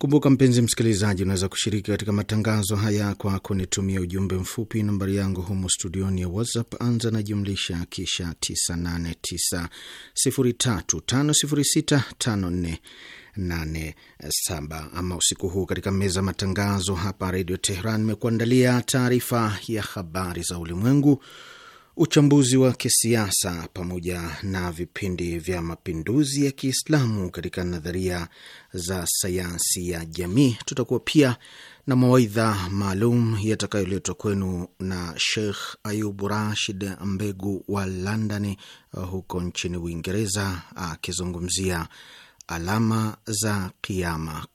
Kumbuka mpenzi msikilizaji, unaweza kushiriki katika matangazo haya kwa kunitumia ujumbe mfupi. Nambari yangu humu studioni ya WhatsApp, anza na jumlisha kisha 989035065487. Ama usiku huu katika meza matangazo hapa Redio Teheran imekuandalia taarifa ya habari za ulimwengu uchambuzi wa kisiasa pamoja na vipindi vya mapinduzi ya Kiislamu katika nadharia za sayansi ya jamii. Tutakuwa pia na mawaidha maalum yatakayoletwa kwenu na Sheikh Ayub Rashid Mbegu wa London uh, huko nchini Uingereza, akizungumzia alama za Kiama.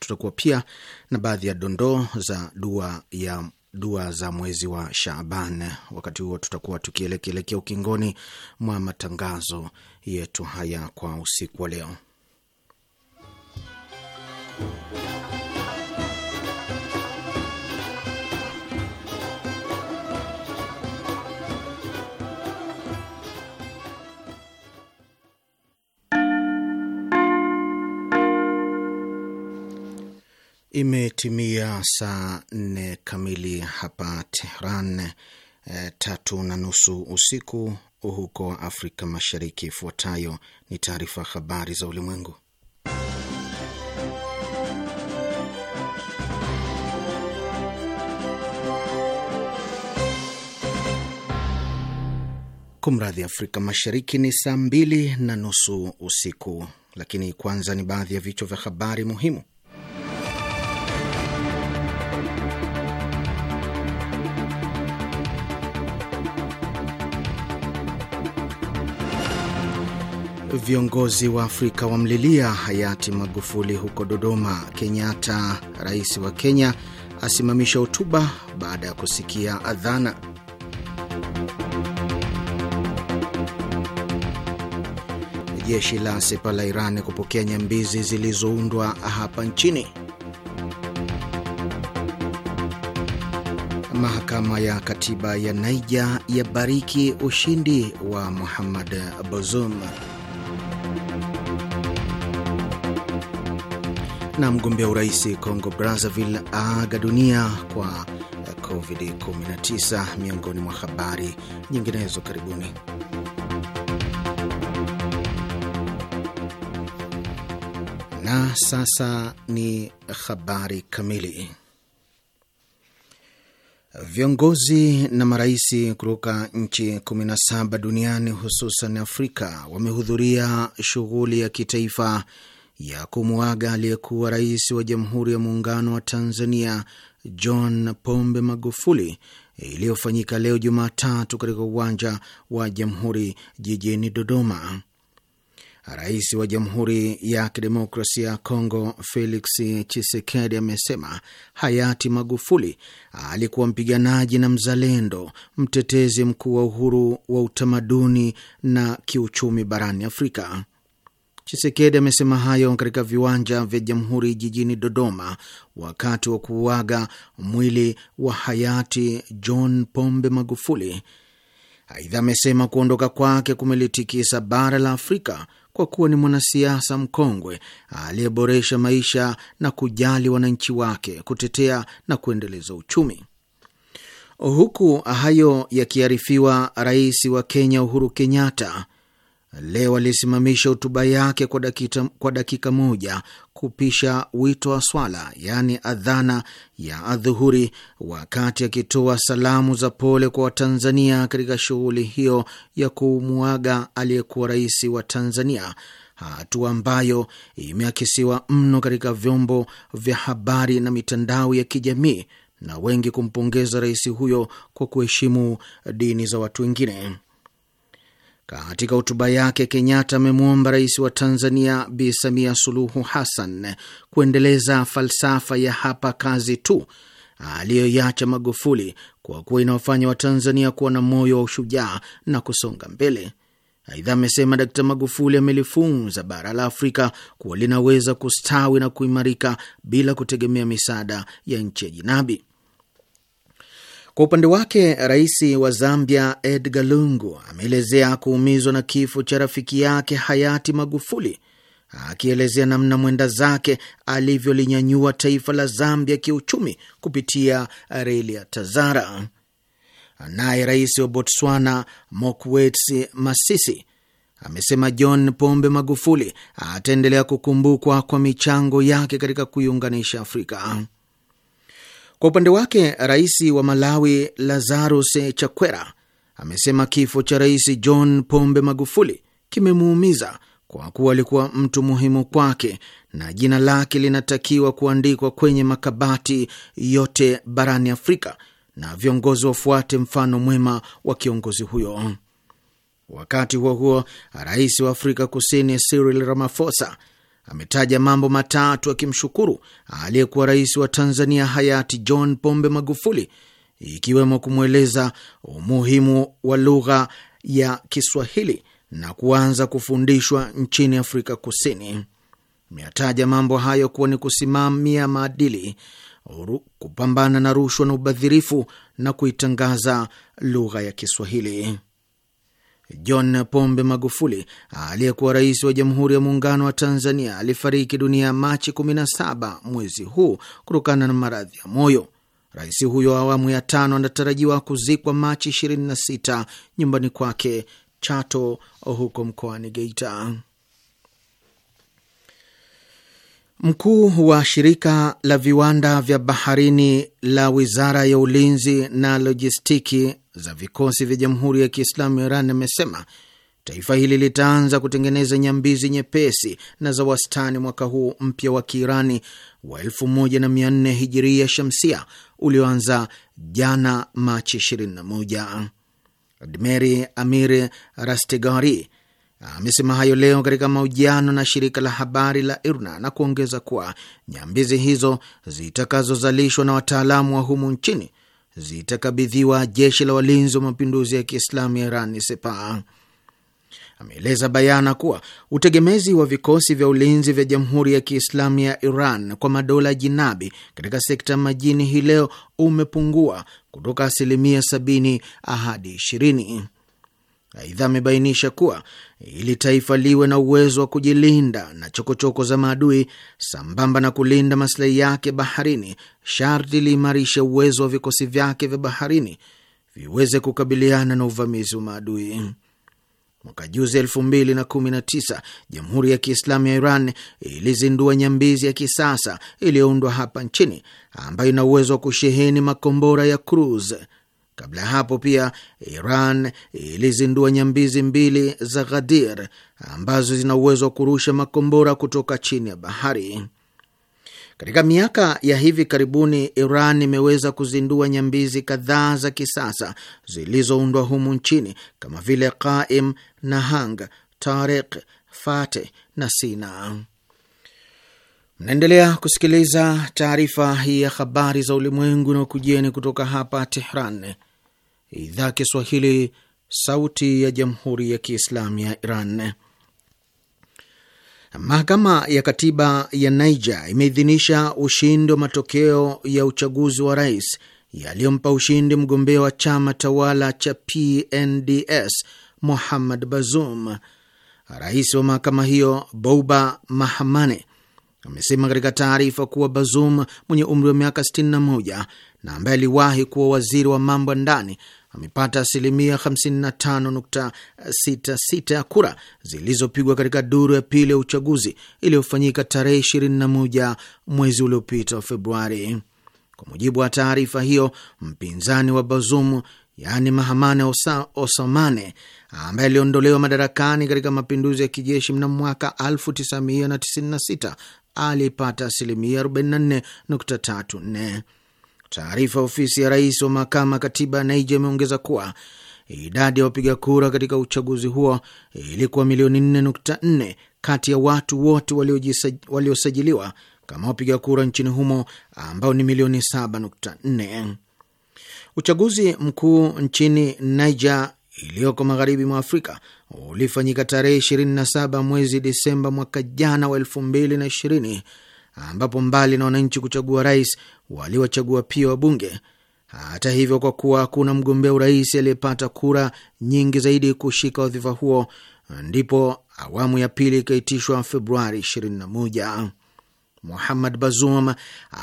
Tutakuwa pia na baadhi ya dondoo za dua ya dua za mwezi wa Shaaban. Wakati huo tutakuwa tukielekelekea ukingoni mwa matangazo yetu haya kwa usiku wa leo. Imetimia saa nne kamili hapa Tehran, e, tatu na nusu usiku huko Afrika Mashariki. Ifuatayo ni taarifa habari za ulimwengu, kumradhi, Afrika Mashariki ni saa mbili na nusu usiku. Lakini kwanza ni baadhi ya vichwa vya habari muhimu. Viongozi wa Afrika wamlilia hayati Magufuli huko Dodoma. Kenyatta, rais wa Kenya, asimamisha hotuba baada ya kusikia adhana. Jeshi la Sepa la Iran kupokea nyambizi zilizoundwa hapa nchini. Mahakama ya katiba ya Naija yabariki ushindi wa Muhammad bozum na mgombea urais Congo Brazzaville aaga dunia kwa COVID-19, miongoni mwa habari nyinginezo. Karibuni. Na sasa ni habari kamili. Viongozi na marais kutoka nchi 17 duniani hususan Afrika wamehudhuria shughuli ya kitaifa ya kumwaga aliyekuwa rais wa Jamhuri ya Muungano wa Tanzania John Pombe Magufuli iliyofanyika leo Jumatatu katika uwanja wa Jamhuri jijini Dodoma. Rais wa Jamhuri ya Kidemokrasia ya Kongo Felix Tshisekedi amesema hayati Magufuli alikuwa mpiganaji na mzalendo, mtetezi mkuu wa uhuru wa utamaduni na kiuchumi barani Afrika. Chisekedi amesema hayo katika viwanja vya Jamhuri jijini Dodoma wakati wa kuuaga mwili wa hayati John Pombe Magufuli. Aidha, amesema kuondoka kwake kumelitikisa bara la Afrika kwa kuwa ni mwanasiasa mkongwe aliyeboresha maisha na kujali wananchi wake, kutetea na kuendeleza uchumi. Huku hayo yakiarifiwa, rais wa Kenya Uhuru Kenyatta leo alisimamisha hotuba yake kwa dakika, kwa dakika moja kupisha wito wa swala yaani adhana ya adhuhuri, wakati akitoa salamu za pole kwa Watanzania katika shughuli hiyo ya kumwaga aliyekuwa rais wa Tanzania, hatua ambayo imeakisiwa mno katika vyombo vya habari na mitandao ya kijamii na wengi kumpongeza rais huyo kwa kuheshimu dini za watu wengine. Katika hotuba yake, Kenyatta amemwomba rais wa Tanzania Bi Samia Suluhu Hassan kuendeleza falsafa ya hapa kazi tu aliyoiacha Magufuli kwa kuwa inawafanya Watanzania kuwa na moyo wa ushujaa na kusonga mbele. Aidha amesema Dkt Magufuli amelifunza bara la Afrika kuwa linaweza kustawi na kuimarika bila kutegemea misaada ya nchi ya jinabi. Kwa upande wake, rais wa Zambia Edgar Lungu ameelezea kuumizwa na kifo cha rafiki yake hayati Magufuli, akielezea namna mwenda zake alivyolinyanyua taifa la Zambia kiuchumi kupitia reli ya TAZARA. Naye rais wa Botswana Mokwetsi Masisi amesema John Pombe Magufuli ataendelea kukumbukwa kwa michango yake katika kuiunganisha Afrika. Kwa upande wake, rais wa Malawi Lazarus Chakwera amesema kifo cha rais John Pombe Magufuli kimemuumiza kwa kuwa alikuwa mtu muhimu kwake na jina lake linatakiwa kuandikwa kwenye makabati yote barani Afrika na viongozi wafuate mfano mwema wa kiongozi huyo. Wakati huo huo, rais wa Afrika Kusini Cyril Ramaphosa ametaja mambo matatu akimshukuru aliyekuwa rais wa Tanzania hayati John Pombe Magufuli, ikiwemo kumweleza umuhimu wa lugha ya Kiswahili na kuanza kufundishwa nchini Afrika Kusini. Ameyataja mambo hayo kuwa ni kusimamia maadili, kupambana na rushwa na ubadhirifu na kuitangaza lugha ya Kiswahili. John Pombe Magufuli aliyekuwa rais wa Jamhuri ya Muungano wa Tanzania alifariki dunia Machi 17 mwezi huu kutokana na maradhi ya moyo. Rais huyo wa awamu ya tano anatarajiwa kuzikwa Machi 26 nyumbani kwake Chato huko mkoani Geita. Mkuu wa shirika la viwanda vya baharini la Wizara ya Ulinzi na Lojistiki za vikosi vya Jamhuri ya Kiislamu ya Iran amesema taifa hili litaanza kutengeneza nyambizi nyepesi na za wastani mwaka huu mpya wa Kiirani wa 14 hijiria shamsia ulioanza jana Machi 21. Admeri Amir Rastegari amesema hayo leo katika mahojiano na shirika la habari la IRNA na kuongeza kuwa nyambizi hizo zitakazozalishwa na wataalamu wa humu nchini zitakabidhiwa jeshi la walinzi wa mapinduzi ya Kiislamu ya Iran Sepah. Ameeleza bayana kuwa utegemezi wa vikosi vya ulinzi vya Jamhuri ya Kiislamu ya Iran kwa madola jinabi katika sekta ya majini hii leo umepungua kutoka asilimia 70 hadi 20. Aidha, amebainisha kuwa ili taifa liwe na uwezo wa kujilinda na chokochoko choko za maadui sambamba na kulinda maslahi yake baharini, sharti liimarishe uwezo wa vikosi vyake vya baharini viweze kukabiliana na uvamizi wa maadui. Mwaka juzi elfu mbili na kumi na tisa, Jamhuri ya Kiislamu ya Iran ilizindua nyambizi ya kisasa iliyoundwa hapa nchini ambayo ina uwezo wa kusheheni makombora ya cruise Kabla ya hapo pia Iran ilizindua nyambizi mbili za Ghadir ambazo zina uwezo wa kurusha makombora kutoka chini ya bahari. Katika miaka ya hivi karibuni, Iran imeweza kuzindua nyambizi kadhaa za kisasa zilizoundwa humu nchini kama vile Qaim, Nahang, Tarik, fate na Sina. Mnaendelea kusikiliza taarifa hii ya habari za ulimwengu na ukujieni kutoka hapa Tehran, idhaa Kiswahili, sauti ya jamhuri ya kiislamu ya Iran. Mahakama ya katiba ya Niger imeidhinisha ushindi wa matokeo ya uchaguzi wa rais yaliyompa ushindi mgombea wa chama tawala cha PNDS muhamad Bazoum. Rais wa mahakama hiyo Bouba Mahamane amesema katika taarifa kuwa Bazoum mwenye umri wa miaka 61 na ambaye aliwahi kuwa waziri wa mambo ya ndani amepata asilimia 55.66 ya kura zilizopigwa katika duru ya pili ya uchaguzi iliyofanyika tarehe 21 mwezi uliopita wa Februari. Kwa mujibu wa taarifa hiyo, mpinzani wa Bazoum yaani Mahamane Osa, Osamane ambaye aliondolewa madarakani katika mapinduzi ya kijeshi mnamo mwaka 1996 alipata asilimia 44.34. Taarifa ofisi ya rais wa mahakama katiba Naija imeongeza kuwa idadi ya wapiga kura katika uchaguzi huo ilikuwa milioni 4.4 kati ya watu wote waliosajiliwa walio kama wapiga kura nchini humo ambao ni milioni 7.4. Uchaguzi mkuu nchini Niger iliyoko magharibi mwa Afrika ulifanyika tarehe 27 mwezi disemba mwaka jana wa 2020 ambapo mbali na wananchi kuchagua rais waliwachagua pia wabunge. Hata hivyo, kwa kuwa hakuna mgombea urais aliyepata kura nyingi zaidi kushika wadhifa huo, ndipo awamu ya pili ikaitishwa Februari 21. Muhammad Bazoum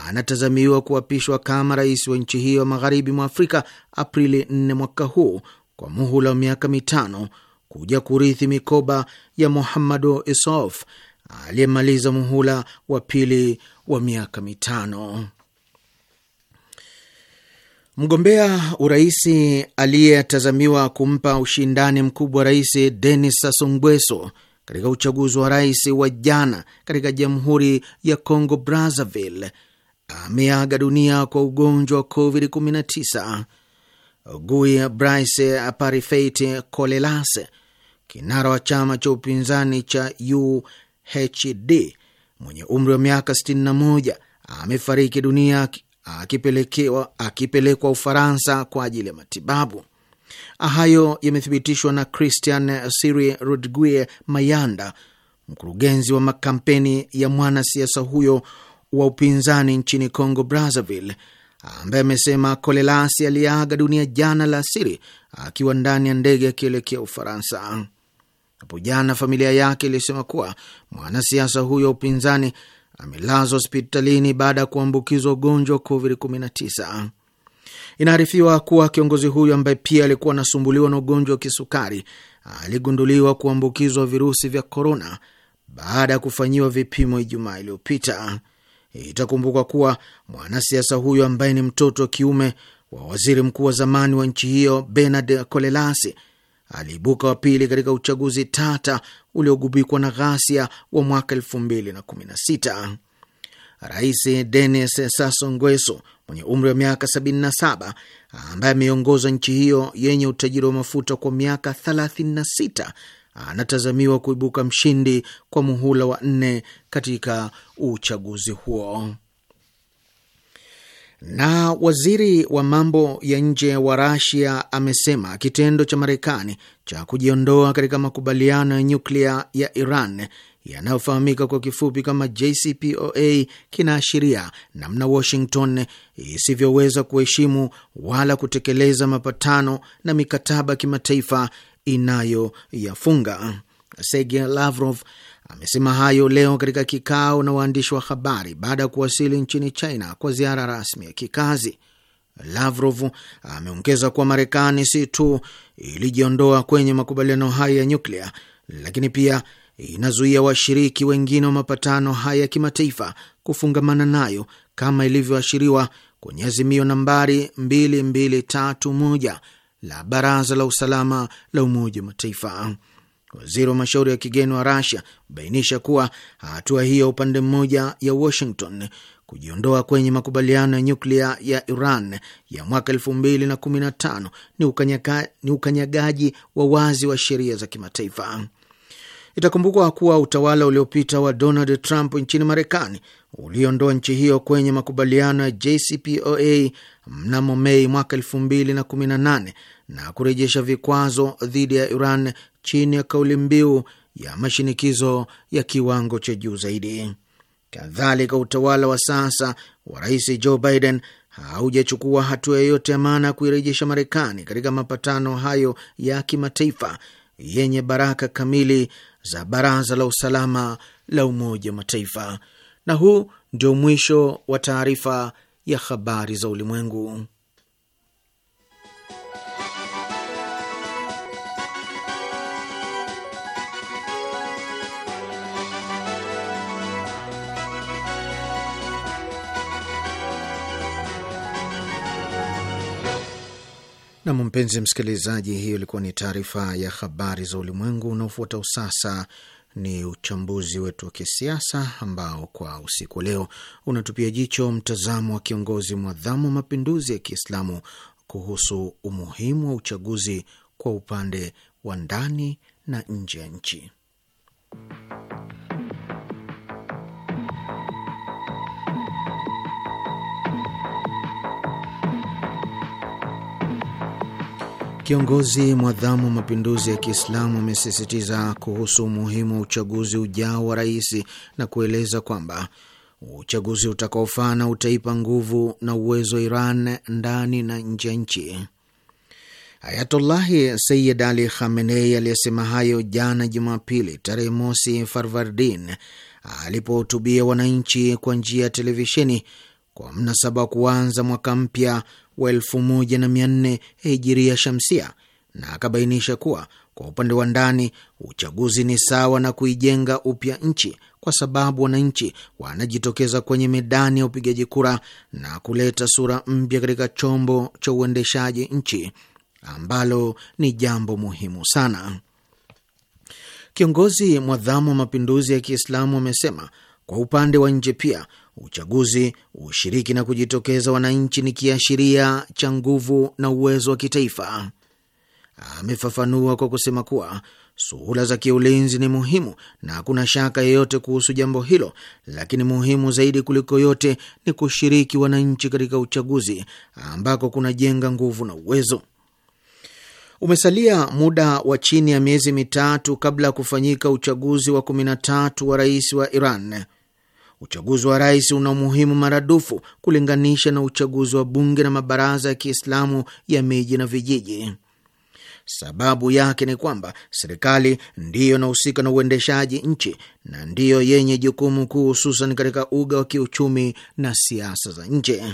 anatazamiwa kuapishwa kama rais wa nchi hiyo magharibi mwa Afrika Aprili 4 mwaka huu kwa muhula wa miaka mitano kuja kurithi mikoba ya Muhammadu isof aliyemaliza muhula wa pili wa miaka mitano. Mgombea urais aliyetazamiwa kumpa ushindani mkubwa Rais Denis Sassou Nguesso katika uchaguzi wa rais wa jana katika Jamhuri ya Congo Brazzaville ameaga dunia kwa ugonjwa wa COVID-19. Guy Brice aparifait Colelas, kinara wa chama cha upinzani cha UHD mwenye umri wa miaka 61 amefariki dunia akipelekewa akipelekwa Ufaransa kwa ajili ya matibabu. Hayo yamethibitishwa na Christian Siri Rodrigue Mayanda, mkurugenzi wa makampeni ya mwanasiasa huyo wa upinzani nchini Congo Brazzaville, ambaye amesema Kolelasi aliyeaga dunia jana la asiri akiwa ndani ya ndege akielekea Ufaransa. Hapo jana familia yake ilisema kuwa mwanasiasa huyo wa upinzani amelazwa hospitalini baada ya kuambukizwa ugonjwa wa COVID-19. Inaarifiwa kuwa kiongozi huyo ambaye pia alikuwa anasumbuliwa na ugonjwa wa kisukari aligunduliwa kuambukizwa virusi vya korona baada ya kufanyiwa vipimo Ijumaa iliyopita. Itakumbukwa kuwa mwanasiasa huyo ambaye ni mtoto wa kiume wa waziri mkuu wa zamani wa nchi hiyo Bernard Kolelasi aliibuka wa pili katika uchaguzi tata uliogubikwa na ghasia wa mwaka elfu mbili na kumi na sita. Rais Denis Sassou Nguesso mwenye umri wa miaka 77 ambaye ameongoza nchi hiyo yenye utajiri wa mafuta kwa miaka 36 anatazamiwa kuibuka mshindi kwa muhula wa nne katika uchaguzi huo. Na waziri wa mambo ya nje wa Rasia amesema kitendo cha Marekani cha kujiondoa katika makubaliano ya nyuklia ya Iran yanayofahamika kwa kifupi kama JCPOA kinaashiria namna Washington isivyoweza kuheshimu wala kutekeleza mapatano na mikataba kimataifa inayoyafunga. Sergey Lavrov amesema hayo leo katika kikao na waandishi wa habari baada ya kuwasili nchini China kwa ziara rasmi ya kikazi. Lavrov ameongeza kuwa Marekani si tu ilijiondoa kwenye makubaliano haya ya nyuklia, lakini pia inazuia washiriki wengine wa mapatano haya ya kimataifa kufungamana nayo kama ilivyoashiriwa kwenye azimio nambari 2231 la Baraza la Usalama la Umoja wa Mataifa. Waziri wa mashauri ya kigeni wa Rasia amebainisha kuwa hatua hiyo upande mmoja ya Washington kujiondoa kwenye makubaliano ya nyuklia ya Iran ya mwaka elfu mbili na kumi na tano ni, ni ukanyagaji wa wazi wa sheria za kimataifa. Itakumbukwa kuwa utawala uliopita wa Donald Trump nchini Marekani uliondoa nchi hiyo kwenye makubaliano ya JCPOA mnamo Mei mwaka elfu mbili na kumi na nane na kurejesha vikwazo dhidi ya Iran chini ya kauli mbiu ya mashinikizo ya kiwango cha juu zaidi. Kadhalika, utawala wa sasa wa rais Joe Biden haujachukua hatua yoyote ya maana ya kuirejesha Marekani katika mapatano hayo ya kimataifa yenye baraka kamili za Baraza la Usalama la Umoja wa Mataifa. Na huu ndio mwisho wa taarifa ya habari za ulimwengu. Nam, mpenzi msikilizaji, hiyo ilikuwa ni taarifa ya habari za ulimwengu. Unaofuata usasa ni uchambuzi wetu wa kisiasa ambao kwa usiku wa leo unatupia jicho mtazamo wa kiongozi mwadhamu wa mapinduzi ya Kiislamu kuhusu umuhimu wa uchaguzi kwa upande wa ndani na nje ya nchi. Kiongozi mwadhamu wa mapinduzi ya Kiislamu amesisitiza kuhusu umuhimu wa uchaguzi ujao wa rais na kueleza kwamba uchaguzi utakaofana utaipa nguvu na uwezo Iran ndani na nje ya nchi. Ayatullahi Sayid Ali Khamenei aliyesema hayo jana Jumapili tarehe mosi Farvardin alipohutubia wananchi kwa njia ya televisheni kwa mnasaba wa kuanza mwaka mpya wa 1400 hijiria shamsia, na akabainisha kuwa kwa upande wa ndani uchaguzi ni sawa na kuijenga upya nchi, kwa sababu wananchi wanajitokeza kwenye medani ya upigaji kura na kuleta sura mpya katika chombo cha uendeshaji nchi, ambalo ni jambo muhimu sana. Kiongozi mwadhamu wa mapinduzi ya Kiislamu amesema kwa upande wa nje pia uchaguzi, ushiriki na kujitokeza wananchi ni kiashiria cha nguvu na uwezo wa kitaifa. Amefafanua kwa kusema kuwa suhula za kiulinzi ni muhimu na hakuna shaka yoyote kuhusu jambo hilo, lakini muhimu zaidi kuliko yote ni kushiriki wananchi katika uchaguzi ambako kunajenga nguvu na uwezo. Umesalia muda wa chini ya miezi mitatu kabla ya kufanyika uchaguzi wa 13 wa rais wa Iran. Uchaguzi wa rais una umuhimu maradufu kulinganisha na uchaguzi wa bunge na mabaraza ya Kiislamu ya miji na vijiji. Sababu yake ni kwamba serikali ndiyo inahusika na uendeshaji nchi na ndiyo yenye jukumu kuu, hususan katika uga wa kiuchumi na siasa za nje.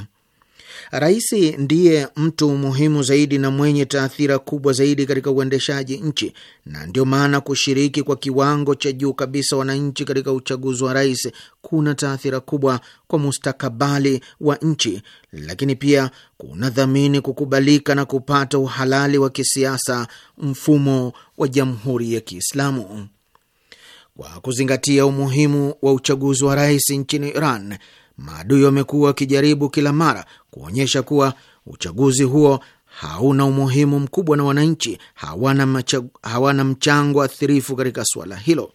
Rais ndiye mtu muhimu zaidi na mwenye taathira kubwa zaidi katika uendeshaji nchi, na ndio maana kushiriki kwa kiwango cha juu kabisa wananchi katika uchaguzi wa rais kuna taathira kubwa kwa mustakabali wa nchi, lakini pia kuna dhamini kukubalika na kupata uhalali wa kisiasa mfumo wa Jamhuri ya Kiislamu. Kwa kuzingatia umuhimu wa uchaguzi wa rais nchini Iran, maadui wamekuwa wakijaribu kila mara kuonyesha kuwa uchaguzi huo hauna umuhimu mkubwa na wananchi hawana, machagu, hawana mchango athirifu katika suala hilo.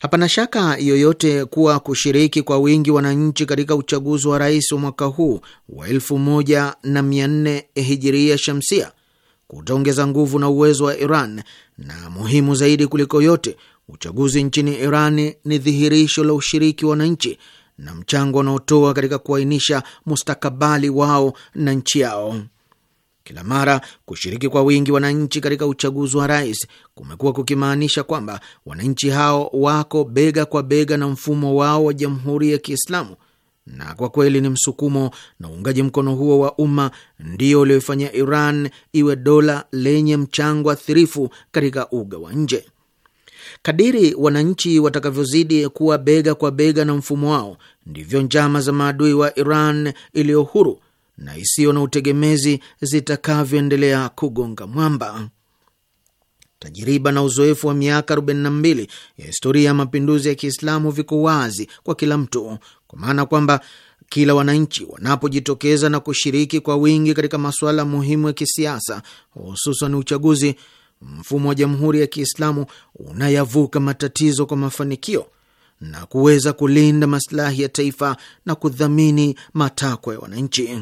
Hapana shaka yoyote kuwa kushiriki kwa wingi wananchi katika uchaguzi wa rais wa mwaka huu wa elfu moja na mia nne hijiria shamsia kutaongeza nguvu na uwezo wa Iran na muhimu zaidi kuliko yote, uchaguzi nchini Iran ni dhihirisho la ushiriki wa wananchi na mchango wanaotoa katika kuainisha mustakabali wao na nchi yao. Kila mara kushiriki kwa wingi wananchi katika uchaguzi wa rais kumekuwa kukimaanisha kwamba wananchi hao wako bega kwa bega na mfumo wao wa Jamhuri ya Kiislamu, na kwa kweli ni msukumo na uungaji mkono huo wa umma ndio ulioifanya Iran iwe dola lenye mchango athirifu katika uga wa nje. Kadiri wananchi watakavyozidi kuwa bega kwa bega na mfumo wao, ndivyo njama za maadui wa Iran iliyo huru na isiyo na utegemezi zitakavyoendelea kugonga mwamba. Tajiriba na uzoefu wa miaka 42 ya historia ya mapinduzi ya Kiislamu viko wazi kwa kila mtu, kwa maana kwamba kila wananchi wanapojitokeza na kushiriki kwa wingi katika masuala muhimu ya kisiasa, hususan uchaguzi, mfumo wa Jamhuri ya Kiislamu unayavuka matatizo kwa mafanikio na kuweza kulinda masilahi ya taifa na kudhamini matakwa ya wananchi.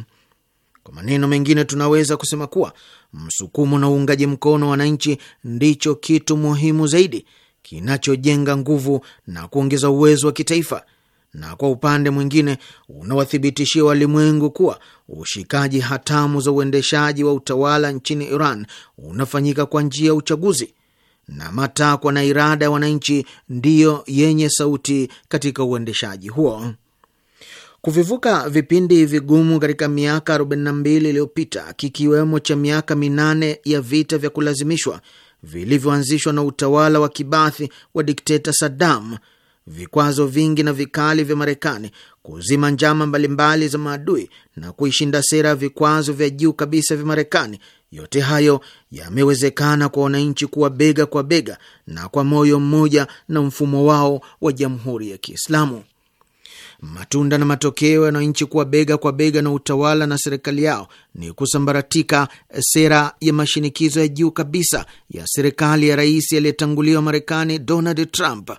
Kwa maneno mengine, tunaweza kusema kuwa msukumo na uungaji mkono wa wananchi ndicho kitu muhimu zaidi kinachojenga nguvu na kuongeza uwezo wa kitaifa na kwa upande mwingine unawathibitishia walimwengu kuwa ushikaji hatamu za uendeshaji wa utawala nchini Iran unafanyika kwa njia ya uchaguzi na matakwa na irada ya wananchi ndiyo yenye sauti katika uendeshaji huo. Kuvivuka vipindi vigumu katika miaka 42 iliyopita kikiwemo cha miaka minane ya vita vya kulazimishwa vilivyoanzishwa na utawala wa kibathi wa dikteta Saddam vikwazo vingi na vikali vya Marekani kuzima njama mbalimbali za maadui na kuishinda sera ya vikwazo vya juu kabisa vya Marekani. Yote hayo yamewezekana kwa wananchi kuwa bega kwa bega na kwa moyo mmoja na mfumo wao wa Jamhuri ya Kiislamu. Matunda na matokeo ya wananchi kuwa bega kwa bega na utawala na serikali yao ni kusambaratika sera ya mashinikizo ya juu kabisa ya serikali ya rais aliyetanguliwa Marekani, Donald Trump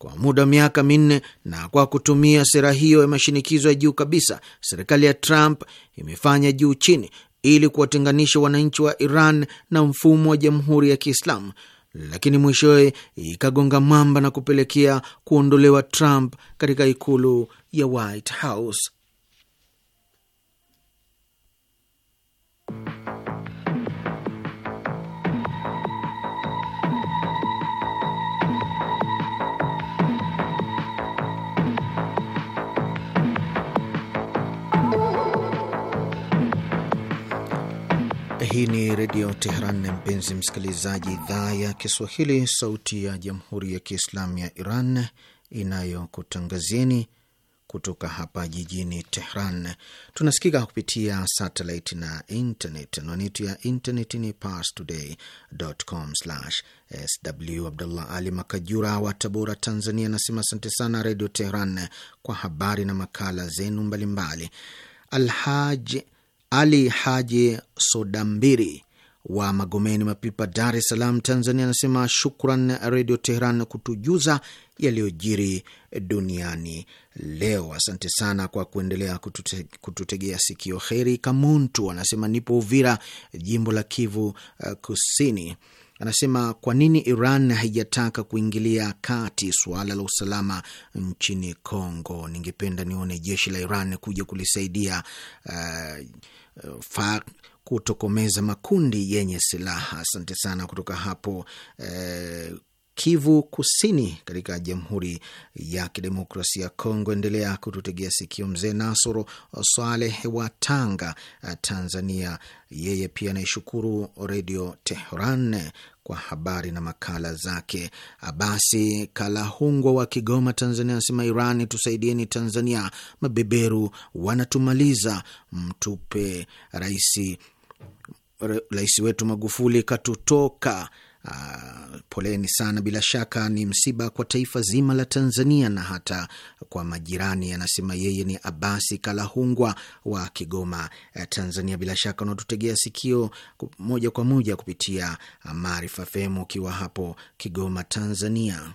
kwa muda wa miaka minne, na kwa kutumia sera hiyo ya mashinikizo ya juu kabisa, serikali ya Trump imefanya juu chini ili kuwatenganisha wananchi wa Iran na mfumo wa Jamhuri ya Kiislamu, lakini mwishowe ikagonga mwamba na kupelekea kuondolewa Trump katika ikulu ya White House. Hii ni Redio Teheran na mpenzi msikilizaji, idhaa ya Kiswahili, sauti ya jamhuri ya Kiislamu ya Iran inayokutangazieni kutoka hapa jijini Tehran. Tunasikika kupitia satellite na internet. Anwani yetu ya internet ni parstoday.com/sw. Abdullah Ali Makajura wa Tabora, Tanzania, anasema asante sana Redio Tehran kwa habari na makala zenu mbalimbali. Alhaj ali Haji Sodambiri wa Magomeni Mapipa, Dar es Salaam, Tanzania, anasema shukran Redio Teheran kutujuza yaliyojiri duniani leo. Asante sana kwa kuendelea kutute, kututegea sikio. Heri Kamuntu anasema nipo Uvira, jimbo la Kivu uh, Kusini anasema kwa nini Iran haijataka kuingilia kati suala la usalama nchini congo Ningependa nione jeshi la Iran kuja kulisaidia uh, uh, fa kutokomeza makundi yenye silaha. Asante sana kutoka hapo uh, Kivu Kusini katika Jamhuri ya Kidemokrasia ya Kongo. Endelea kututegea sikio. Mzee Nasoro Saleh wa Tanga, Tanzania, yeye pia anaishukuru Redio Tehran kwa habari na makala zake. basi Kalahungwa wa Kigoma, Tanzania, anasema iran tusaidieni, Tanzania mabeberu wanatumaliza, mtupe rais rais wetu Magufuli katutoka Uh, poleni sana, bila shaka ni msiba kwa taifa zima la Tanzania na hata kwa majirani. Anasema yeye ni Abasi Kalahungwa wa Kigoma, eh, Tanzania. Bila shaka unatutegea sikio moja kwa moja kupitia Maarifa FM ukiwa hapo Kigoma, Tanzania.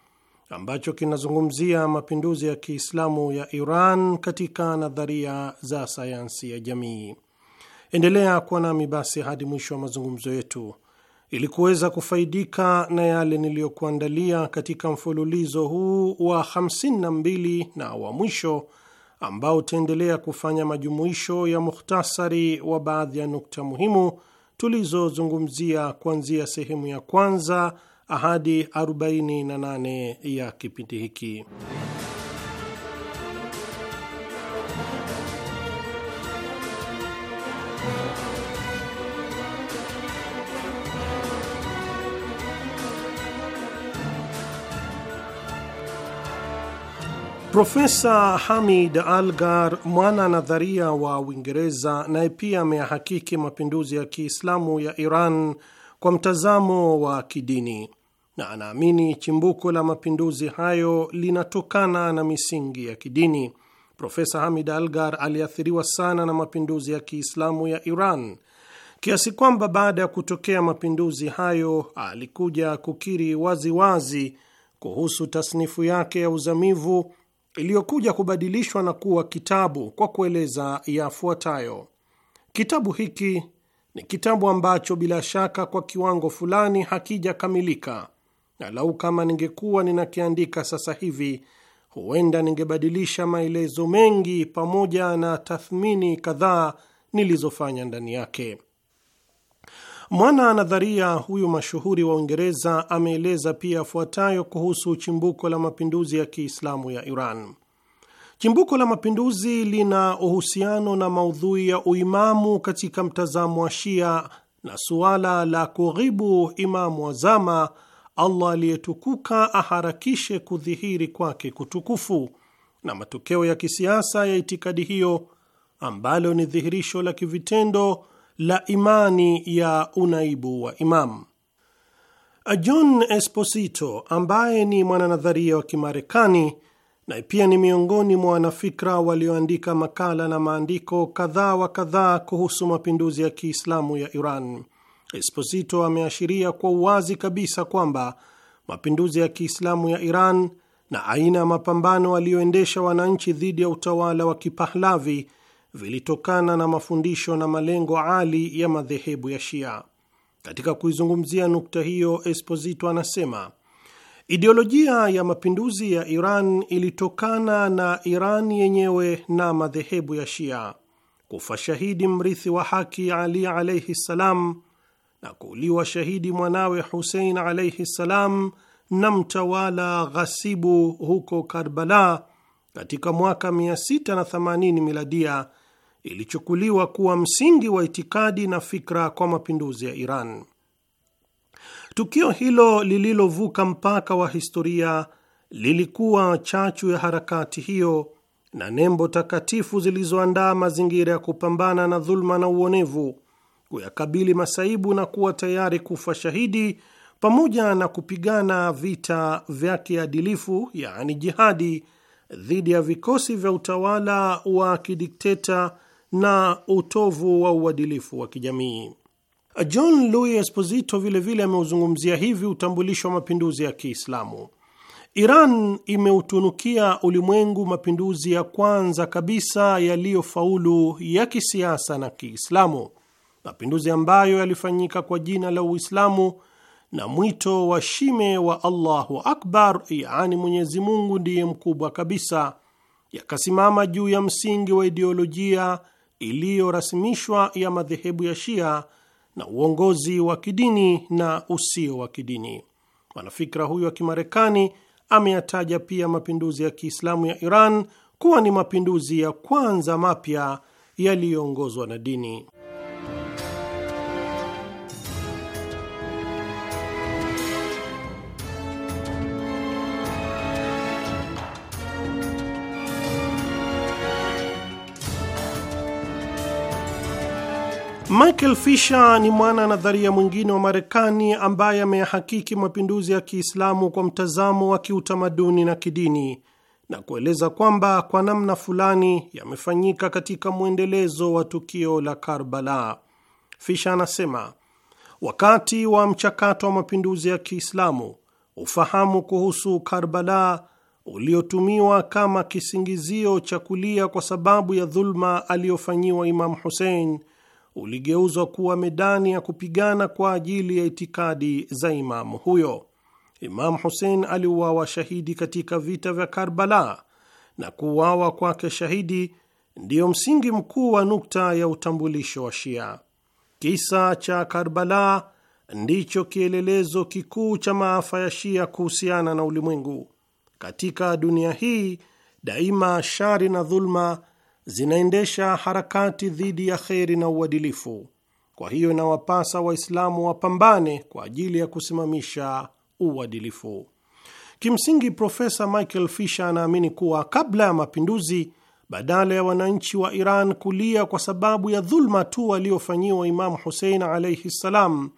ambacho kinazungumzia mapinduzi ya Kiislamu ya Iran katika nadharia za sayansi ya jamii. Endelea kuwa nami basi hadi mwisho wa mazungumzo yetu ili kuweza kufaidika na yale niliyokuandalia katika mfululizo huu wa 52 na wa mwisho ambao utaendelea kufanya majumuisho ya mukhtasari wa baadhi ya nukta muhimu tulizozungumzia kuanzia sehemu ya kwanza ahadi 48 ya kipindi hiki. Profesa Hamid Algar, mwana nadharia wa Uingereza, naye pia ameyahakiki mapinduzi ya Kiislamu ya Iran kwa mtazamo wa kidini na anaamini chimbuko la mapinduzi hayo linatokana na misingi ya kidini. Profesa Hamid Algar aliathiriwa sana na mapinduzi ya Kiislamu ya Iran kiasi kwamba baada ya kutokea mapinduzi hayo alikuja kukiri waziwazi wazi kuhusu tasnifu yake ya uzamivu iliyokuja kubadilishwa na kuwa kitabu kwa kueleza yafuatayo: kitabu hiki ni kitabu ambacho bila shaka kwa kiwango fulani hakijakamilika na lau kama ningekuwa ninakiandika sasa hivi, huenda ningebadilisha maelezo mengi pamoja na tathmini kadhaa nilizofanya ndani yake. Mwana nadharia huyu mashuhuri wa Uingereza ameeleza pia afuatayo kuhusu chimbuko la mapinduzi ya Kiislamu ya Iran. Chimbuko la mapinduzi lina uhusiano na maudhui ya uimamu katika mtazamo wa Shia na suala la kughibu imamu wazama Allah aliyetukuka aharakishe kudhihiri kwake kutukufu, na matokeo ya kisiasa ya itikadi hiyo ambalo ni dhihirisho la kivitendo la imani ya unaibu wa Imam. John Esposito ambaye ni mwananadharia wa Kimarekani na pia ni miongoni mwa wanafikra walioandika makala na maandiko kadhaa wa kadhaa kuhusu mapinduzi ya Kiislamu ya Iran Esposito ameashiria kwa uwazi kabisa kwamba mapinduzi ya Kiislamu ya Iran na aina ya mapambano aliyoendesha wananchi dhidi ya utawala wa Kipahlavi vilitokana na mafundisho na malengo ali ya madhehebu ya Shia. Katika kuizungumzia nukta hiyo, Esposito anasema Ideolojia ya mapinduzi ya Iran ilitokana na Iran yenyewe na madhehebu ya Shia. Kufa shahidi mrithi wa haki Ali alaihi ssalam na kuuliwa shahidi mwanawe Husein alaihi ssalam na mtawala ghasibu huko Karbala katika mwaka 680 miladia ilichukuliwa kuwa msingi wa itikadi na fikra kwa mapinduzi ya Iran. Tukio hilo lililovuka mpaka wa historia lilikuwa chachu ya harakati hiyo na nembo takatifu zilizoandaa mazingira ya kupambana na dhuluma na uonevu kuyakabili masaibu na kuwa tayari kufa shahidi pamoja na kupigana vita vya kiadilifu, yaani jihadi, dhidi ya vikosi vya utawala wa kidikteta na utovu wa uadilifu wa kijamii. John Louis Esposito vilevile ameuzungumzia hivi utambulisho wa mapinduzi ya Kiislamu. Iran imeutunukia ulimwengu mapinduzi ya kwanza kabisa yaliyofaulu ya kisiasa na Kiislamu mapinduzi ambayo yalifanyika kwa jina la Uislamu na mwito wa shime wa Allahu Akbar, yaani Mwenyezi Mungu ndiye mkubwa kabisa, yakasimama juu ya msingi wa ideolojia iliyorasimishwa ya madhehebu ya Shia na uongozi wa kidini na usio wa kidini. Mwanafikra huyo wa Kimarekani ameyataja pia mapinduzi ya Kiislamu ya Iran kuwa ni mapinduzi ya kwanza mapya yaliyoongozwa na dini. Michael Fisher ni mwana nadharia mwingine wa Marekani ambaye ameyahakiki mapinduzi ya Kiislamu kwa mtazamo wa kiutamaduni na kidini na kueleza kwamba kwa namna fulani yamefanyika katika mwendelezo wa tukio la Karbala. Fisher anasema wakati wa mchakato wa mapinduzi ya Kiislamu, ufahamu kuhusu Karbala uliotumiwa kama kisingizio cha kulia kwa sababu ya dhuluma aliyofanyiwa Imamu Hussein uligeuzwa kuwa medani ya kupigana kwa ajili ya itikadi za imamu huyo. Imamu Husein aliuawa shahidi katika vita vya Karbala, na kuuawa kwake shahidi ndiyo msingi mkuu wa nukta ya utambulisho wa Shia. Kisa cha Karbala ndicho kielelezo kikuu cha maafa ya Shia kuhusiana na ulimwengu. Katika dunia hii daima, shari na dhulma zinaendesha harakati dhidi ya kheri na uadilifu. Kwa hiyo inawapasa Waislamu wapambane kwa ajili ya kusimamisha uadilifu. Kimsingi, Profesa Michael Fisher anaamini kuwa kabla ya mapinduzi, badala ya wananchi wa Iran kulia kwa sababu ya dhulma tu waliofanyiwa Imamu Husein alaihi ssalam,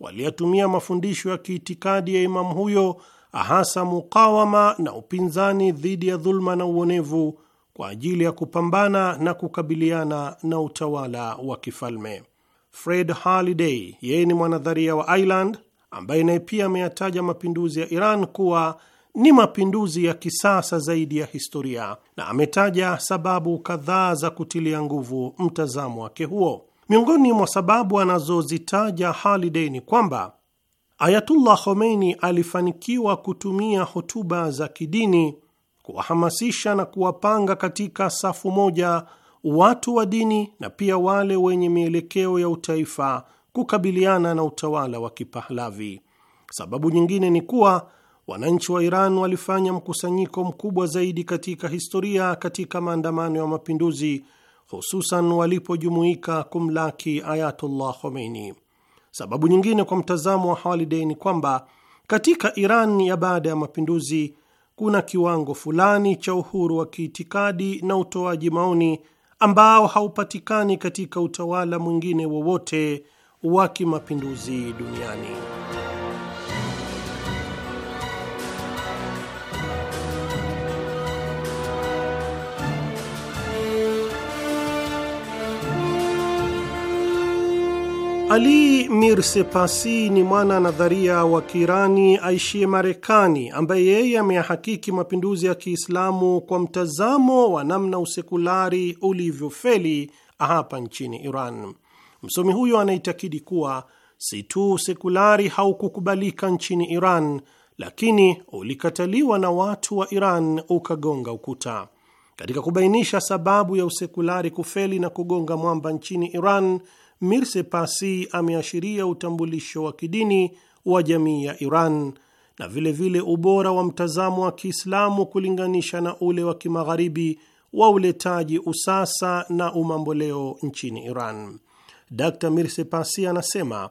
waliyatumia mafundisho ya kiitikadi ya imamu huyo, hasa mukawama na upinzani dhidi ya dhulma na uonevu kwa ajili ya kupambana na kukabiliana na utawala wa kifalme. Fred Haliday, yeye ni mwanadharia wa Ireland ambaye naye pia ameyataja mapinduzi ya Iran kuwa ni mapinduzi ya kisasa zaidi ya historia, na ametaja sababu kadhaa za kutilia nguvu mtazamo wake huo. Miongoni mwa sababu anazozitaja Haliday ni kwamba Ayatullah Khomeini alifanikiwa kutumia hotuba za kidini kuwahamasisha na kuwapanga katika safu moja watu wa dini na pia wale wenye mielekeo ya utaifa kukabiliana na utawala wa Kipahlavi. Sababu nyingine ni kuwa wananchi wa Iran walifanya mkusanyiko mkubwa zaidi katika historia katika maandamano ya mapinduzi, hususan walipojumuika kumlaki Ayatullah Khomeini. Sababu nyingine kwa mtazamo wa Holiday ni kwamba katika Iran ya baada ya mapinduzi kuna kiwango fulani cha uhuru wa kiitikadi na utoaji maoni ambao haupatikani katika utawala mwingine wowote wa kimapinduzi duniani. Ali Mirsepasi ni mwana nadharia wa Kirani aishiye Marekani, ambaye yeye ameyahakiki mapinduzi ya Kiislamu kwa mtazamo wa namna usekulari ulivyofeli hapa nchini Iran. Msomi huyo anaitakidi kuwa si tu usekulari haukukubalika nchini Iran, lakini ulikataliwa na watu wa Iran ukagonga ukuta. Katika kubainisha sababu ya usekulari kufeli na kugonga mwamba nchini Iran, Pasi ameashiria utambulisho wa kidini wa jamii ya Iran na vilevile vile ubora wa mtazamo wa Kiislamu kulinganisha na ule wa kimagharibi wa uletaji usasa na umamboleo nchini Iran. Dr Mirsepasi anasema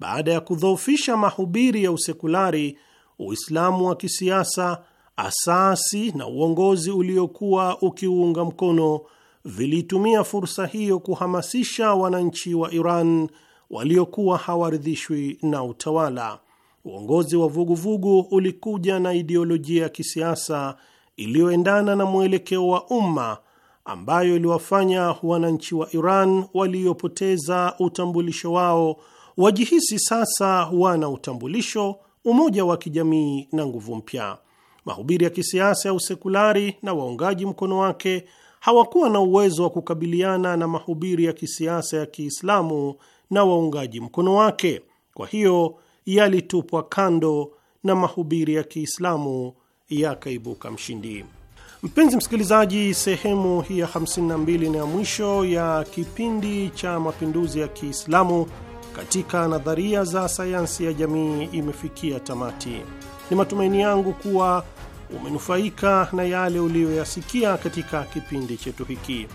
baada ya kudhoofisha mahubiri ya usekulari, Uislamu wa kisiasa, asasi na uongozi uliokuwa ukiunga mkono vilitumia fursa hiyo kuhamasisha wananchi wa Iran waliokuwa hawaridhishwi na utawala. Uongozi wa vuguvugu vugu ulikuja na ideolojia ya kisiasa iliyoendana na mwelekeo wa umma ambayo iliwafanya wananchi wa Iran waliopoteza utambulisho wao wajihisi sasa wana utambulisho, umoja wa kijamii na nguvu mpya. Mahubiri ya kisiasa ya usekulari na waungaji mkono wake hawakuwa na uwezo wa kukabiliana na mahubiri ya kisiasa ya Kiislamu na waungaji mkono wake, kwa hiyo yalitupwa kando na mahubiri ya Kiislamu yakaibuka mshindi. Mpenzi msikilizaji, sehemu hii ya 52 na ya mwisho ya kipindi cha mapinduzi ya Kiislamu katika nadharia za sayansi ya jamii imefikia tamati. Ni matumaini yangu kuwa umenufaika na yale uliyoyasikia katika kipindi chetu hiki.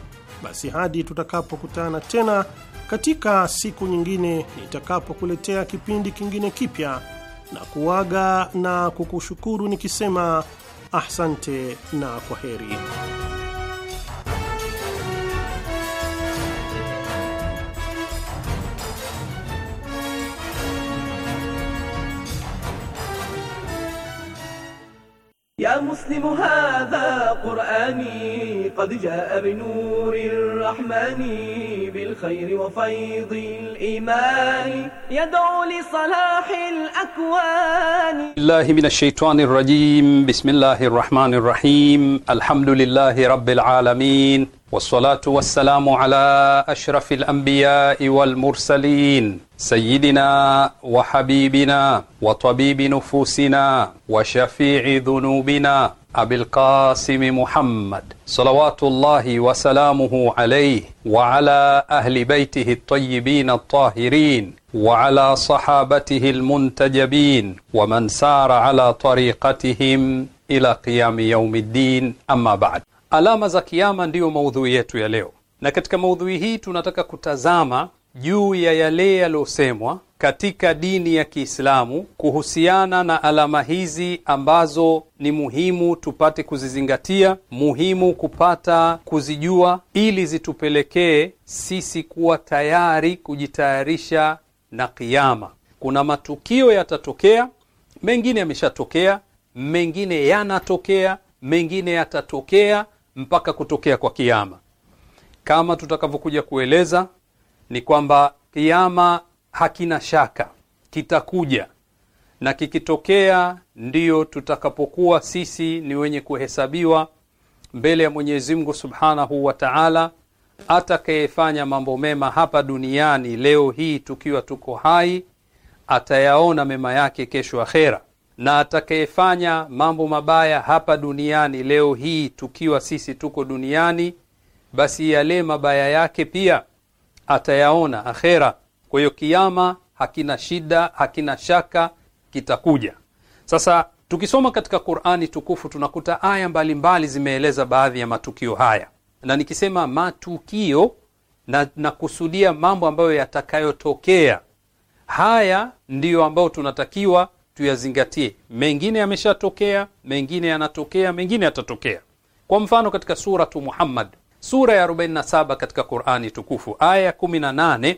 Basi hadi tutakapokutana tena katika siku nyingine nitakapokuletea kipindi kingine kipya, na kuaga na kukushukuru nikisema ahsante na kwa heri. يا مسلم هذا قرآني قد جاء بنور الرحمن بالخير وفيض الإيمان يدعو لصلاح الأكوان الله من الشيطان الرجيم بسم الله الرحمن الرحيم الحمد لله رب العالمين والصلاة والسلام على أشرف الأنبياء والمرسلين سيدنا وحبيبنا وطبيب نفوسنا وشفيع ذنوبنا أبي القاسم محمد صلوات الله وسلامه عليه وعلى أهل بيته الطيبين الطاهرين وعلى صحابته المنتجبين ومن سار على طريقتهم إلى قيام يوم الدين أما بعد ألا مزا قياما ديو maudhui yetu ya leo na katika maudhui juu ya yale yaliyosemwa katika dini ya Kiislamu kuhusiana na alama hizi ambazo ni muhimu tupate kuzizingatia, muhimu kupata kuzijua, ili zitupelekee sisi kuwa tayari, kujitayarisha na Kiama. Kuna matukio yatatokea, mengine yameshatokea, mengine yanatokea, mengine yatatokea mpaka kutokea kwa Kiama, kama tutakavyokuja kueleza ni kwamba kiama hakina shaka kitakuja, na kikitokea ndiyo tutakapokuwa sisi ni wenye kuhesabiwa mbele ya Mwenyezi Mungu Subhanahu wa Ta'ala. Atakayefanya mambo mema hapa duniani leo hii tukiwa tuko hai atayaona mema yake kesho akhera, na atakayefanya mambo mabaya hapa duniani leo hii tukiwa sisi tuko duniani, basi yale mabaya yake pia atayaona akhera. Kwa hiyo kiama hakina shida, hakina shaka, kitakuja. Sasa tukisoma katika Qur'ani tukufu tunakuta aya mbalimbali zimeeleza baadhi ya matukio haya, na nikisema matukio na nakusudia mambo ambayo yatakayotokea. Haya ndiyo ambayo tunatakiwa tuyazingatie. Mengine yameshatokea, mengine yanatokea, mengine yatatokea. Kwa mfano katika Suratu Muhammad sura ya 47 katika Qur'ani tukufu aya ya 18,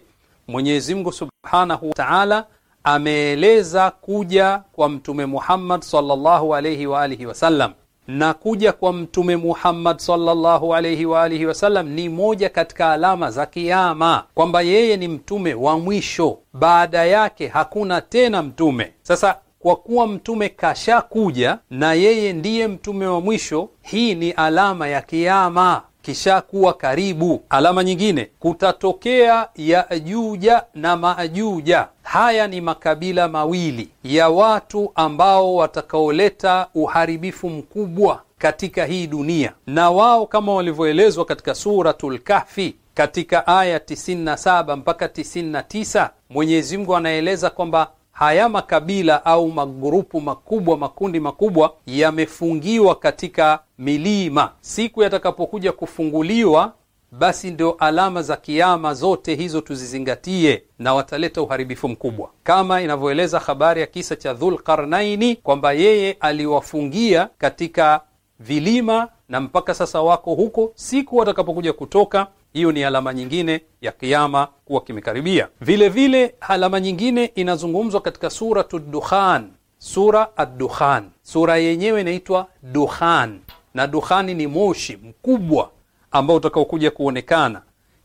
Mwenyezi Mungu Subhanahu wa Ta'ala ameeleza kuja kwa Mtume Muhammad sallallahu alayhi wa alihi wasallam, na kuja kwa Mtume Muhammad sallallahu alayhi wa alihi wasallam ni moja katika alama za Kiyama, kwamba yeye ni mtume wa mwisho, baada yake hakuna tena mtume. Sasa kwa kuwa mtume kashakuja na yeye ndiye mtume wa mwisho, hii ni alama ya Kiyama kishakuwa karibu. Alama nyingine kutatokea Yajuja na Majuja. Haya ni makabila mawili ya watu ambao watakaoleta uharibifu mkubwa katika hii dunia, na wao kama walivyoelezwa katika Suratul Kahfi katika aya 97 mpaka 99, Mwenyezi Mungu anaeleza kwamba haya makabila au magrupu makubwa, makundi makubwa yamefungiwa katika milima. Siku yatakapokuja kufunguliwa, basi ndio alama za kiama zote hizo tuzizingatie, na wataleta uharibifu mkubwa, kama inavyoeleza habari ya kisa cha Dhulqarnaini kwamba yeye aliwafungia katika vilima na mpaka sasa wako huko. Siku watakapokuja kutoka hiyo ni alama nyingine ya kiama kuwa kimekaribia. Vile vile alama nyingine inazungumzwa katika suratu Dukhan, sura Addukhan. Sura yenyewe inaitwa Dukhan, na dukhani ni moshi mkubwa ambao utakaokuja kuonekana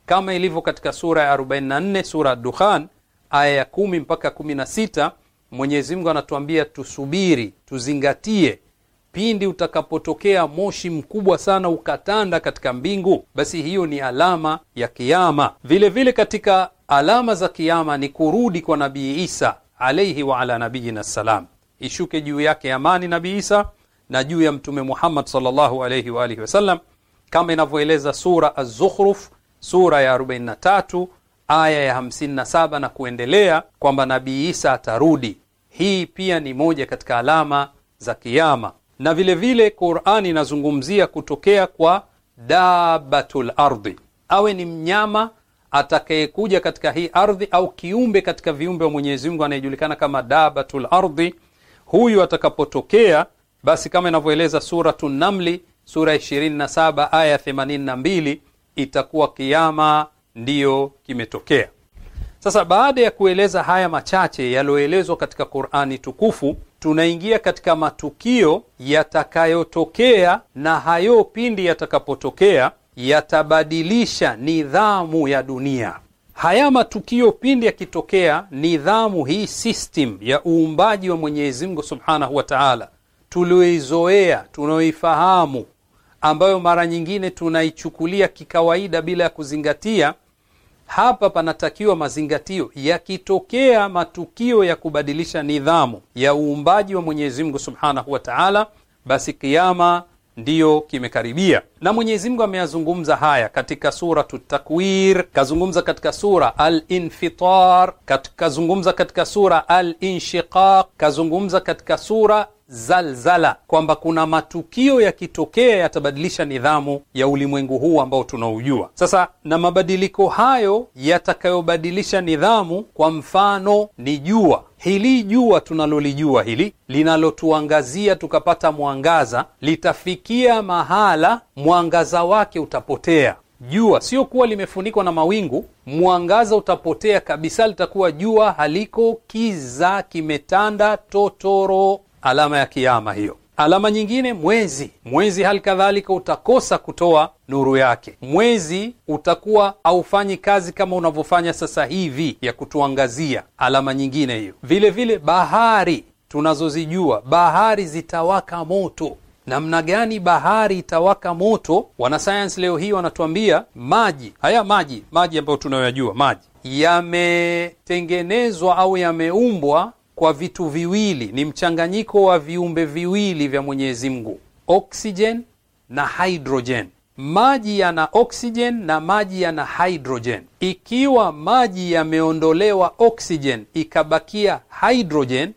kama ilivyo katika sura ya 44 sura Addukhan aya ya 10 mpaka 16. Mwenyezi Mungu anatuambia tusubiri, tuzingatie pindi utakapotokea moshi mkubwa sana ukatanda katika mbingu, basi hiyo ni alama ya kiama. Vile vile katika alama za kiama ni kurudi kwa Nabii Isa alaihi wa ala nabiyina ssalam, ishuke juu yake amani Nabii Isa na juu ya Mtume Muhammad sallallahu alaihi wa alihi wasallam, kama inavyoeleza sura Az-Zukhruf sura ya 43 aya ya 57 na kuendelea kwamba Nabii Isa atarudi. Hii pia ni moja katika alama za kiama na vile vile Qur'ani inazungumzia kutokea kwa dabatul ardi, awe ni mnyama atakayekuja katika hii ardhi au kiumbe katika viumbe wa Mwenyezi Mungu anayejulikana kama dabatul ardi. Huyu atakapotokea basi, kama inavyoeleza Suratu Namli sura 27 aya 82, itakuwa kiama ndiyo kimetokea. Sasa baada ya kueleza haya machache yaliyoelezwa katika Qur'ani tukufu tunaingia katika matukio yatakayotokea na hayo pindi yatakapotokea yatabadilisha nidhamu ya dunia. Haya matukio pindi yakitokea, nidhamu hii, system ya uumbaji wa Mwenyezi Mungu Subhanahu wa Ta'ala, tulioizoea tunaoifahamu, ambayo mara nyingine tunaichukulia kikawaida bila ya kuzingatia hapa panatakiwa mazingatio. Yakitokea matukio ya kubadilisha nidhamu ya uumbaji wa Mwenyezi Mungu subhanahu wa taala, basi kiama ndiyo kimekaribia. Na Mwenyezi Mungu ameyazungumza haya katika Suratu Takwir, kazungumza katika sura Al-Infitar, kazungumza katika sura Al-Inshiqaq, kazungumza katika sura zalzala, kwamba kuna matukio yakitokea yatabadilisha nidhamu ya ulimwengu huu ambao tunaujua sasa, na mabadiliko hayo yatakayobadilisha nidhamu, kwa mfano ni jua hili jua tunalolijua hili linalotuangazia tukapata mwangaza, litafikia mahala mwangaza wake utapotea. Jua sio kuwa limefunikwa na mawingu, mwangaza utapotea kabisa, litakuwa jua haliko, kiza kimetanda totoro alama ya kiama hiyo. Alama nyingine mwezi. Mwezi hali kadhalika utakosa kutoa nuru yake. Mwezi utakuwa haufanyi kazi kama unavyofanya sasa hivi ya kutuangazia, alama nyingine hiyo. vilevile vile bahari tunazozijua, bahari zitawaka moto. Namna gani bahari itawaka moto? Wanasayansi leo hii wanatuambia maji haya, maji maji ambayo tunayoyajua, maji yametengenezwa au yameumbwa kwa vitu viwili, ni mchanganyiko wa viumbe viwili vya Mwenyezi Mungu, oksijen na hydrogen. Maji yana oksijen na maji yana hydrogen. Ikiwa maji yameondolewa oksijen ikabakia hydrogen,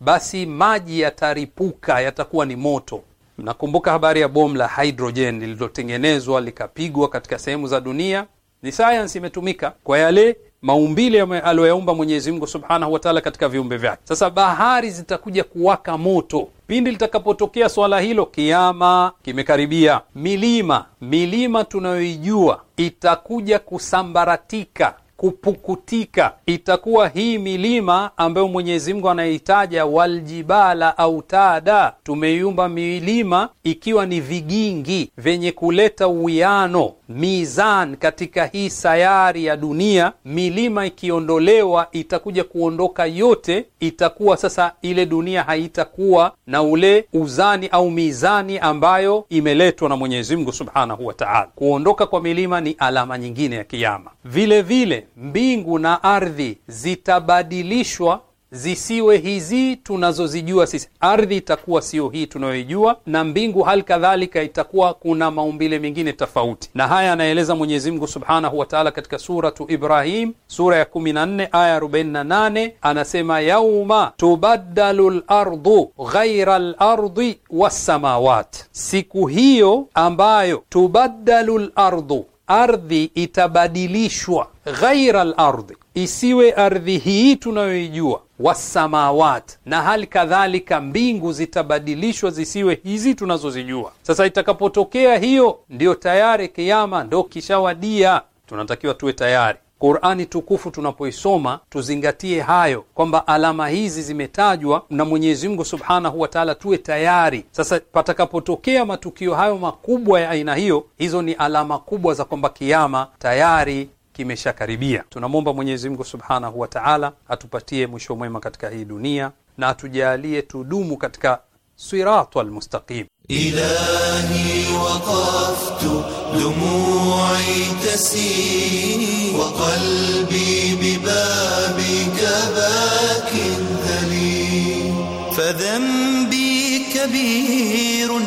basi maji yataripuka, yatakuwa ni moto. Mnakumbuka habari ya bomu la hydrogen lililotengenezwa likapigwa katika sehemu za dunia? Ni sayansi imetumika kwa yale maumbile aliyoyaumba Mwenyezi Mungu Subhanahu wa Ta'ala katika viumbe vyake. Sasa bahari zitakuja kuwaka moto pindi litakapotokea swala hilo, kiama kimekaribia. Milima milima tunayoijua itakuja kusambaratika kupukutika, itakuwa hii milima ambayo Mwenyezi Mungu anaitaja waljibala tada tumeiumba milima ikiwa ni vigingi vyenye kuleta uwiano mizan katika hii sayari ya dunia. Milima ikiondolewa itakuja kuondoka yote, itakuwa sasa ile dunia haitakuwa na ule uzani au mizani ambayo imeletwa na Mwenyezi Mungu subhanahu wa taala. Kuondoka kwa milima ni alama nyingine ya Kiama. Vile vile mbingu na ardhi zitabadilishwa zisiwe hizi tunazozijua sisi. Ardhi itakuwa sio hii tunayoijua, na mbingu hali kadhalika itakuwa kuna maumbile mengine tofauti. Na haya anaeleza Mwenyezi Mungu subhanahu wa taala katika Suratu Ibrahim, sura ya 14 aya 48, anasema yauma tubaddalu lardu ghaira lardi wassamawat, siku hiyo ambayo tubaddalu lardu, ardhi itabadilishwa ghaira al isiwe ardhi hii tunayoijua, wasamawat, na hali kadhalika mbingu zitabadilishwa zisiwe hizi tunazozijua. Sasa itakapotokea hiyo, ndiyo tayari kiama ndo kishawadia, tunatakiwa tuwe tayari. Qurani tukufu tunapoisoma tuzingatie hayo kwamba alama hizi zimetajwa na Mwenyezi Mungu subhanahu wa taala, tuwe tayari. Sasa patakapotokea matukio hayo makubwa ya aina hiyo, hizo ni alama kubwa za kwamba kiama tayari kimeshakaribia. Tunamwomba Mwenyezi Mungu subhanahu wa taala atupatie mwisho mwema katika hii dunia na atujalie tudumu katika sirata almustaqim. Ilahi waqaftu dumu'i tasiri wa qalbi bibabika bakin dhali fadhanbi kabirun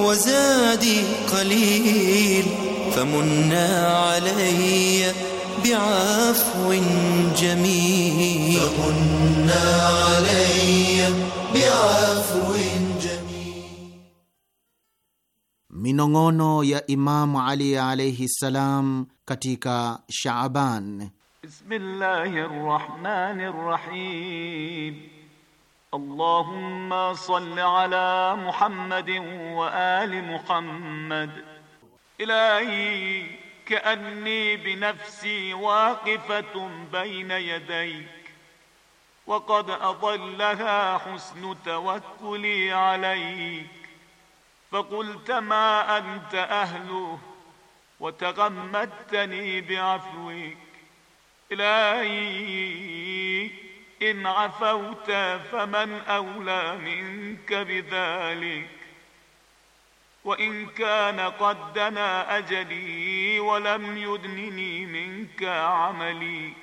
وزادي قليل فمنا علي بعفو جميل فمنا علي بعفو Minong'ono ya Imamu Ali alayhi salam katika Shaaban. Bismillahir Rahmanir Rahim اللهم صل على محمد وآل محمد إلهي كأني بنفسي واقفة بين يديك وقد أضلها حسن توكلي عليك فقلت ما أنت أهله وتغمدتني بعفوك إلهي in afauta faman aula minka bidhalik wa in kana qaddana ajali wa lam yudnini minka amali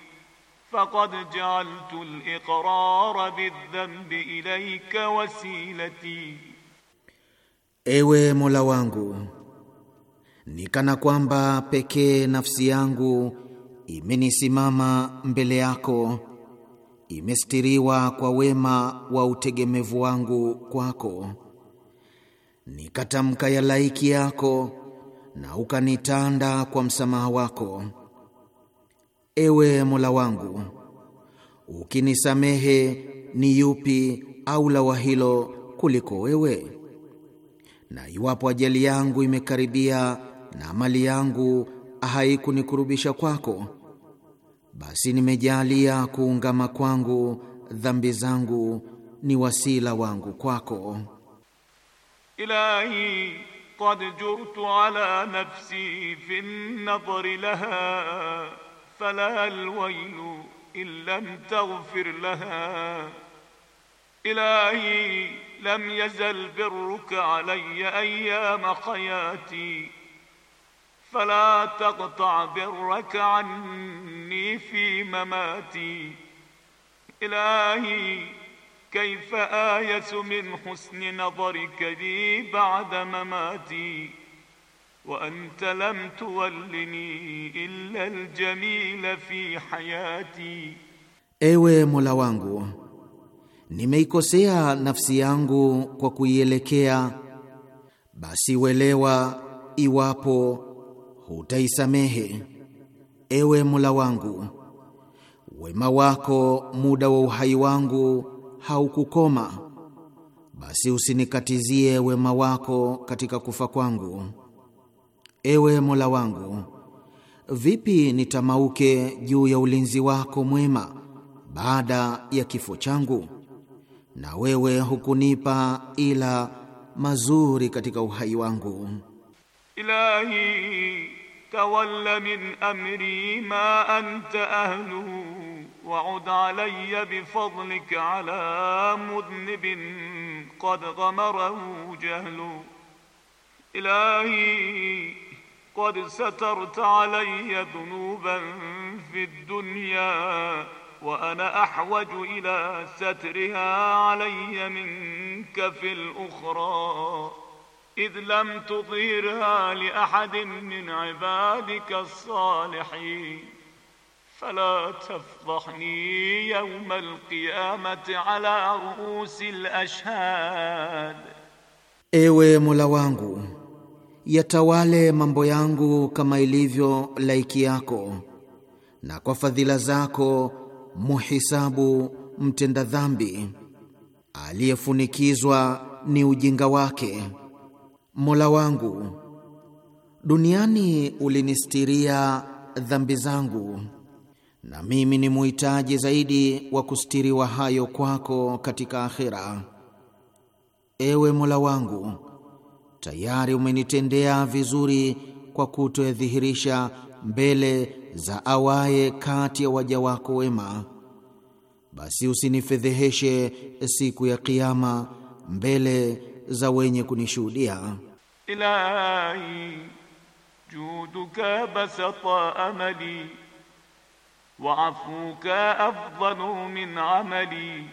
faqad ja'altu al-iqrara bidhanbi ilayka wasilati, Ewe Mola wangu, nikana kwamba pekee nafsi yangu imenisimama mbele yako imestiriwa kwa wema wa utegemevu wangu kwako, nikatamka ya laiki yako na ukanitanda kwa msamaha wako. Ewe Mola wangu, ukinisamehe ni yupi au la hilo kuliko wewe? Na iwapo ajali yangu imekaribia na mali yangu haikunikurubisha kwako basi nimejalia kuungama kwangu dhambi zangu ni wasila wangu kwako. Ilahi qad jurtu ala nafsi fi nadhri laha fala alwaylu illa taghfir laha ilahi lam yazal birruka alayya ayyama hayati fala taqta birraka anni fi mamati ilahi kaifa ayatu min husni nadharika li ba'da mamati wa anta lam tuwallini illa aljamila fi hayati, ewe Mola wangu, nimeikosea nafsi yangu kwa kuielekea, basi welewa iwapo hutaisamehe. Ewe Mola wangu, wema wako muda wa uhai wangu haukukoma, basi usinikatizie wema wako katika kufa kwangu. Ewe Mola wangu, vipi nitamauke juu ya ulinzi wako mwema baada ya kifo changu, na wewe hukunipa ila mazuri katika uhai wangu. Ilahi تول من أمري ما أنت أهله وعد علي بفضلك على مذنب قد غمره جهل إلهي قد سترت علي ذنوبا في الدنيا وأنا أحوج إلى سترها علي منك في الأخرى idh lam tudhirha li ahadin min ibadika as-salihin فلا تفضحني يوم القيامة على رؤوس الأشهاد Ewe Mola wangu, yatawale mambo yangu kama ilivyo laiki yako, na kwa fadhila zako muhisabu mtenda dhambi aliyefunikizwa ni ujinga wake. Mola wangu, duniani ulinistiria dhambi zangu, na mimi ni muhitaji zaidi wa kustiriwa hayo kwako katika akhera. Ewe Mola wangu, tayari umenitendea vizuri kwa kutoyadhihirisha mbele za awaye kati ya waja wako wema, basi usinifedheheshe siku ya Kiama mbele za wenye kunishuhudia. إلهي جودك بسط أملي وعفوك أفضل من عملي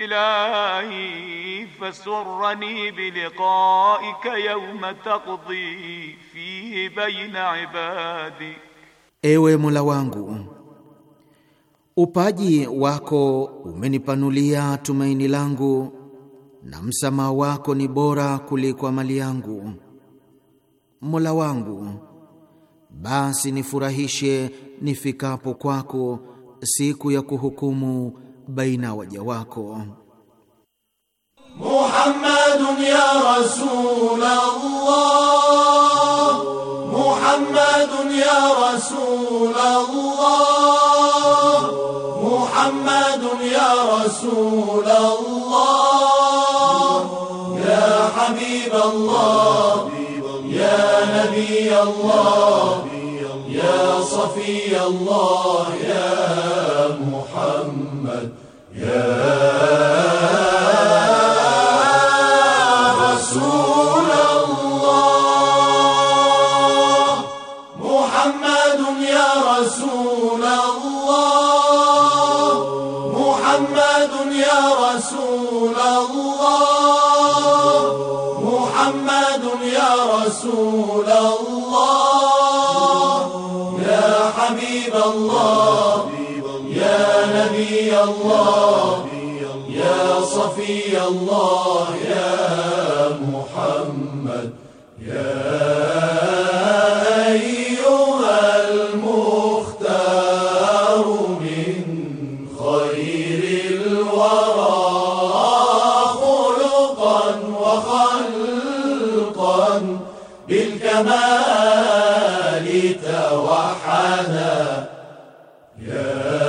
إلهي فسرني بلقائك يوم تقضي فيه بين عبادي Ewe Mola wangu, upaji wako umenipanulia tumaini langu na msamaha wako ni bora kuliko mali yangu. Mola wangu, basi nifurahishe nifikapo kwako siku ya kuhukumu baina waja wako. Muhammadun ya Rasulullah, Muhammadun ya Rasulullah, Muhammadun ya Rasulullah حبيب الله يا نبي الله يا صفي الله يا خير الورى خلقا وخلقا بالكمال توحدا يا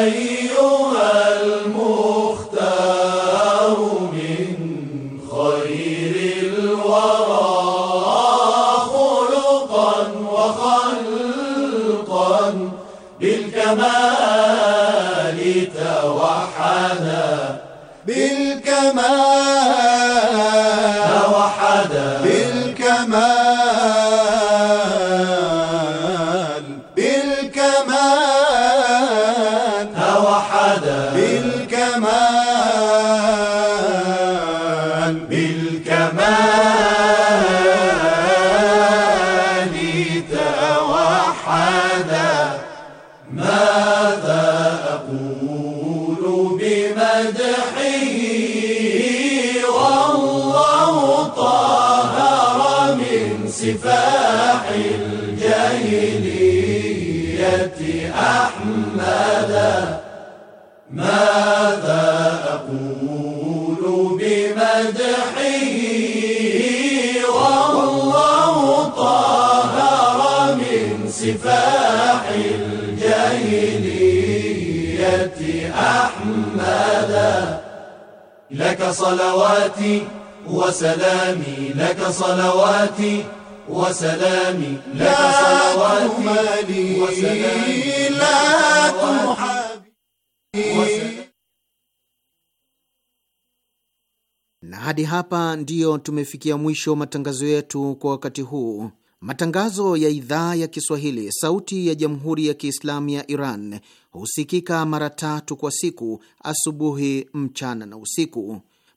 أيها المختار من خير الورى خلقا وخلقا بالكمال صلواتي وسلامي لك صلواتي وسلامي لك صلواتي لا وسلامي لا Na hadi hapa ndiyo tumefikia mwisho matangazo yetu kwa wakati huu. Matangazo ya idhaa ya Kiswahili, sauti ya jamhuri ya kiislamu ya Iran husikika mara tatu kwa siku: asubuhi, mchana na usiku.